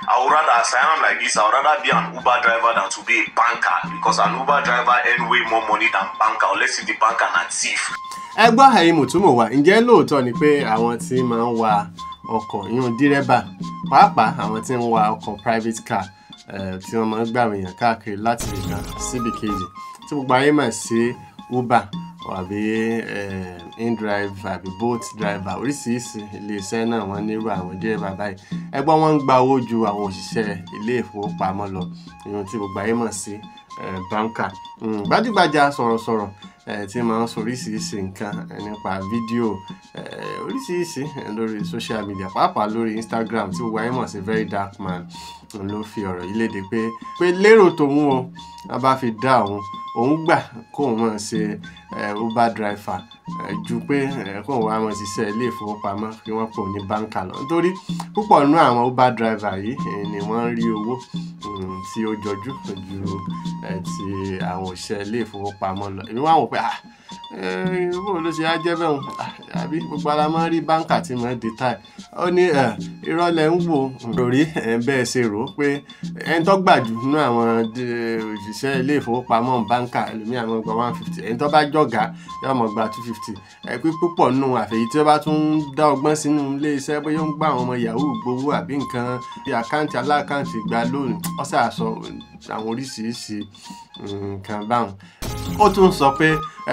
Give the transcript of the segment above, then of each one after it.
I would rather, sign I like this, I would rather be an Uber driver than to be a banker because an Uber driver earn way more money than banker unless if the banker na thief. Ẹ gbọ́ àyè mùtúmọ̀ wa, ǹjẹ́ lóòótọ́ ni pé àwọn tí máa ń wa ọkọ̀ yún dírẹ́bà pàápàá àwọn tí ń wa ọkọ̀ private car tí wọ́n máa ń gbàwèèyàn káàkiri láti ibìkan síbìkejì tí gbogbo ayé mà sí Uber àbí eh, indrive àbí bolt driver oríṣiríṣi iléeṣẹ́ náà wọ́n nírú àwọn dírẹ́bà báyìí ẹgbọ́n wọn ń gba owó ju àwọn òṣìṣẹ́ ilé ìfowópamọ́ lọ ìyẹn tí gbogbo ayé mọ̀ sí eh, banker hmm, gbajúgbajà sọ̀rọ̀sọ̀rọ̀ eh, tí máa ń sọ oríṣiríṣi nǹkan nípa fídíò oríṣiríṣi lórí social media pàápàá lórí Instagram tí gbogbo ayé mọ̀ sí very dark man ló fi ọ̀rọ̀ yìí léde pé pé lérò tòun o a bá fi dá òun òun gbà kóun máa ṣe uber driver ju pé kóun wá wọn ṣiṣẹ́ ilé ìfowópamọ́ kí wọ́n pòun ní báńkà lọ nítorí púpọ̀ nínú àwọn uber driver yìí ni wọ́n rí owó mm, tí ó jọjú ju ti àwọn òṣìṣẹ́ ilé ìfowópamọ́ lọ èmi wá wò pé ah bóun ló ṣe á jẹ́ bẹ́ẹ̀ àbí gbogbo ara máa ń rí báńkà tí mo ń di táì ó ní irọ́ lẹ ń wò lórí bẹ́ẹ̀ ṣe rò ó pé ẹni tó gbà jù nínú àwọn òṣìṣẹ́ ilé ìfowópamọ́ báńkà ẹlòmíì àwọn gba one fifty ẹni tó bá jọ̀gá yóò mọ̀ gba two fifty ẹ̀pẹ́ púpọ̀ nù àfẹ̀yí tí ó bá tún dá ọgbọ́n sínú ilé iṣẹ́ bóyá ó ń gbà àwọn ọmọ yahoo gbowó àbí nǹkan bí àkáǹtì aláàkáǹtì gba lónìí ọ̀sà àṣọ àwọn oríṣiríṣi nǹkan báwọn. ó tún sọ pé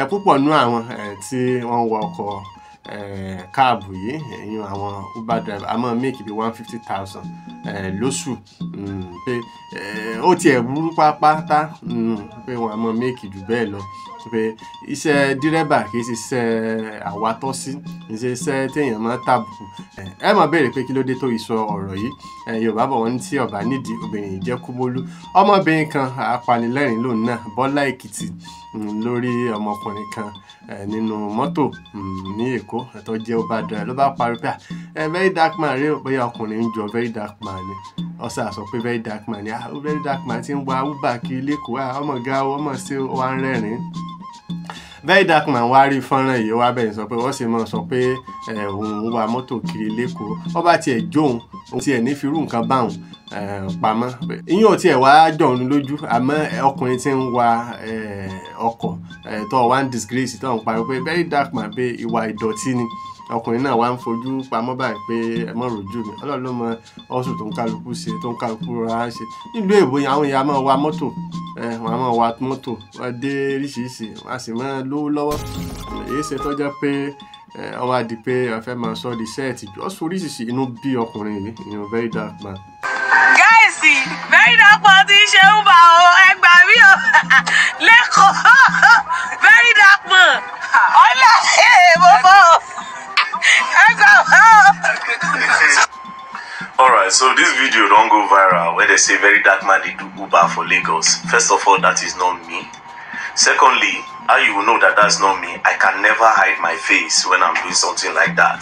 púpọ̀ nù àwọn tí wọ́n wọ ọkọ̀ káàbù eh, yìí ẹ̀yin àwọn uber driver a máa make bí one fifty thousand lóṣù mm, pé ó tiẹ̀ burú pápátá mm, pé wọn a mọ méèkì jù bẹ́ẹ̀ lọ pé iṣẹ́ dírẹ́bà kì í ṣiṣẹ́ àwátọ́sí kì í ṣe iṣẹ́ téèyàn máa tàbùkù ẹ mọ̀ béèrè pé kí ló dé tó ìsọ ọ̀rọ̀ yìí yorùbá bọ̀ wọ́n ní tí ọ̀bá nídìí obìnrin jẹ́ kúmólú ọmọbìnrin kan apanilẹ́rìn lòun náà bọ́lá èkìtì mm, lórí ọmọkùnrin kan nínú mọ́tò ní èkó ẹ̀tọ́ jẹ́ ó bá dọ̀rẹ́ ló bá parí pé ẹ eh, very dark man rí bóyá ọkùnrin ń jọ very dark man ni ọsà sọ pé very dark man ni ah very dark man ti ń wa uber kí lẹ́kọ̀ọ́ ah ọmọ ga ọmọ sí wa ń rẹ́rìn very dark man wá rí fọ́nrán yìí wá bẹ̀rẹ̀ sọ pé wọ́n sì máa sọ pé eh, òun wa mọ́tò kiri lẹ́kọ̀ọ́ wọ́n bá tiẹ̀ jóun òun tiẹ̀ ní firú nǹkan báwọn eh, pamọ́ ìyẹn ò tiẹ̀ wá jọ̀ọ́nù lójú àmọ́ ọkùnrin tí ń wa ọkọ̀ tó wá disgrace tó ń pariwo pé very dark man pé ìwà ìdọ̀tí ni ọkùnrin náà wá ń fojú pamọ́ báyìí pé ẹ mọ̀ rojú mi ọlọ́run ló mọ ọ̀sùn tó ń kálukú ṣe tó ń kálukú rárá ṣe nílùú èbó àwọn èèyàn máa wa mọ́tò wọn máa wa mọ́tò wọn dé oríṣiríṣi wọn sì máa lówó lọ́wọ́ èyí ṣe tọ́jọ́ pé ọwọ́ àdì pé ọ̀fẹ́ máa sọ di sẹ́ẹ̀tì jù ọ̀sùn oríṣiríṣi inú bí ọkùnrin yìí ìyẹn very dark man. gáìsì very dark man ti ṣe ń bà ọ ẹgbàá mi ò lẹ́kọ̀ọ́ video don go viral wey they say very dark man dey do uber for lagos first of all that is not me secondly how you know that that's not me i can never hide my face when i'm doing something like that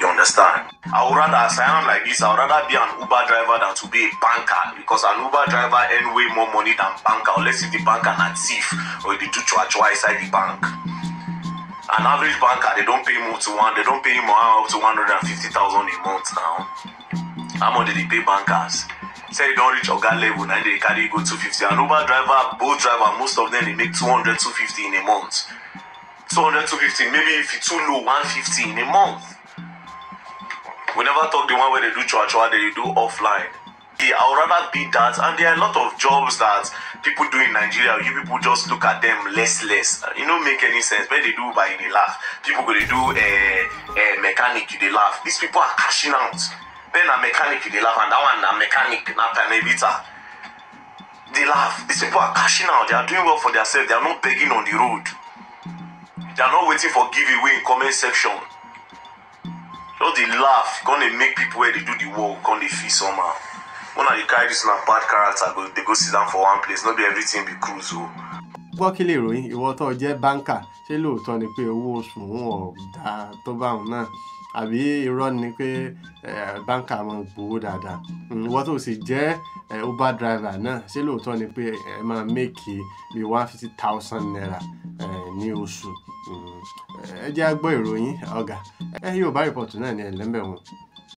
you understand i would rather as i am like this i would rather be an uber driver than to be a banker because an uber driver earn way more money than banker unless if the banker na thief or e dey do chua inside the bank an average banker they don pay him up to one they don pay him up to one hundred and fifty thousand a month now among dey pay bankers say you don reach oga level na dey carry go two fifty. and uber driver bolt driver most of them dey make two hundred, two fifty in a month Two hundred, two fifty. maybe if e too low one fifty in a month we never talk the one wey dey do chua chua dey do offline I would rather be that. And there are a lot of jobs that people do in Nigeria. You people just look at them less, less. It don't make any sense. When they do by they laugh. People go they do a uh, eh, uh, eh, mechanic, they laugh. These people are cashing out bẹ́ẹ̀ na mechanic dey laugh and that one na mechanic na panelita dey laugh these people are cashing out they are doing well for their self they are not begging on the road they are not waiting for give away in comment section just dey laugh come dey make people wey dey do the work come dey feel somehow una dey carry this na bad character go dey go sit down for one place no be everything be cruise o. Oh. gbọ́ kí lè ròyìn ìwọ tó jẹ́ báńkà ṣé lóòótọ́ ni pé owó oṣù ń ọ̀ dáa tó báwọn náà àbí irọ́ ni pé báńkà máa gbowó dáadáa hmm, ìwọ́n tó sì jẹ́ uber driver náà ṣé lóòótọ́ ni pé ẹ máa méèkì one fifty thousand naira ní oṣù hmm, ẹ jẹ́ á iroyin ìròyìn ọ̀gá ẹ Yorùbá Reportu náà ni ẹ̀